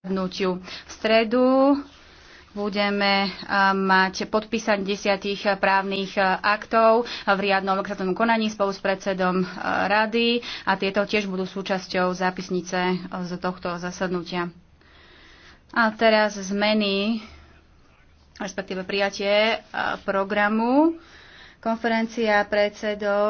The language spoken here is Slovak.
zasadnutiu. V stredu budeme eh, mať podpísať desiatých eh, právnych eh, aktov v riadnom legislatívnom konaní spolu s predsedom rady a tieto tiež budú súčasťou zápisnice z tohto zasadnutia. A teraz zmeny, respektíve prijatie programu konferencia predsedov